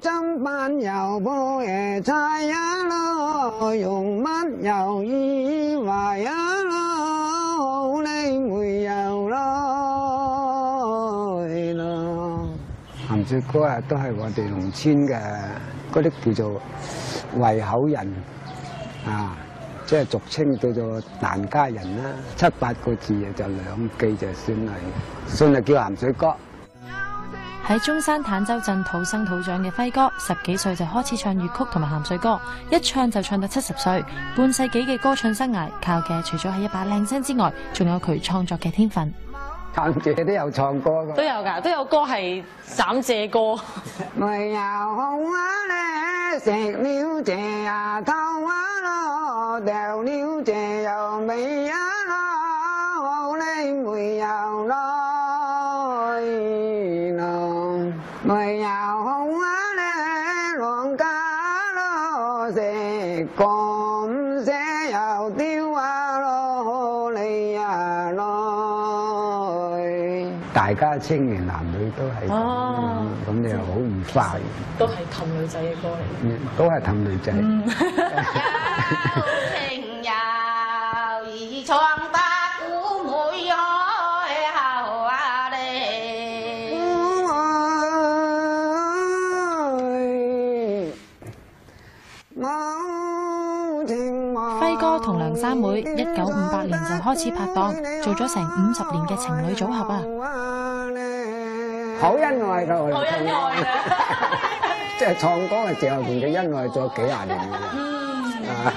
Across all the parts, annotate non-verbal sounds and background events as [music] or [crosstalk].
《針板搖波也菜呀嘍，用乜又依話呀嘍，你沒有嘍？》《嘍》咸水歌是啊，就是、都係我哋農村嘅嗰啲叫做圍口人啊，即係俗稱叫做疍家人啦，七八個字就兩句就算係，算係叫咸水歌喺中山坦洲鎮土生土長嘅輝哥，十幾歲就開始唱粵曲同埋鹹水歌，一唱就唱到七十歲，半世紀嘅歌唱生涯，靠嘅除咗係一把靚聲之外，仲有佢創作嘅天分。譚姐都有唱歌㗎。都有㗎，都有歌係三姐歌。沒有。大家青年男女都係咁，咁你又好唔快？都係氹女仔嘅歌嚟，都係氹女仔。哥同梁三妹一九五八年就開始拍檔，做咗成五十年嘅情侶組合啊！好恩愛噶，我哋唱歌，即係唱歌嘅時候同佢恩愛咗 [laughs] [laughs] 幾廿年嘅，啊！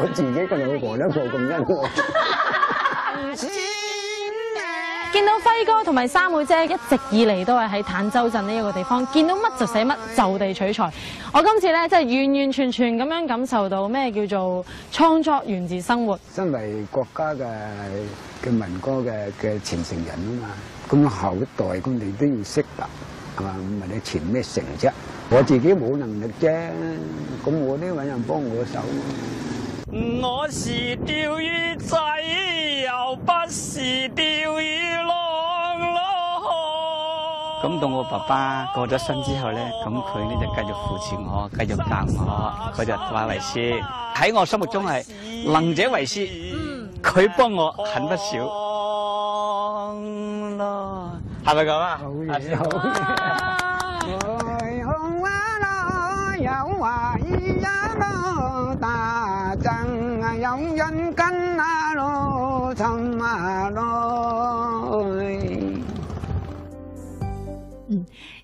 [laughs] [laughs] [laughs] 我自己個老婆都做咁恩愛。 [laughs] [laughs] 見到輝哥同埋三妹姐一直以嚟都係喺坦洲鎮呢一個地方，見到乜就寫乜，就地取材。我今次咧真係完完全全咁樣感受到咩叫做創作源自生活。身為國家嘅嘅民歌嘅嘅傳承人啊嘛，咁後一代咁你都要識㗎，係嘛？唔係你傳咩成績？我自己冇能力啫，咁我都要揾人幫我手。我是釣魚仔，又不是釣魚。咁到我爸爸過咗身之後咧，咁佢呢就繼續扶持我，繼續答我，佢、啊、就話：「為師，喺我心目中係能者為師，佢、嗯、幫我肯不少咯，係咪咁啊？ [laughs] 哎、好嘅、啊，好。大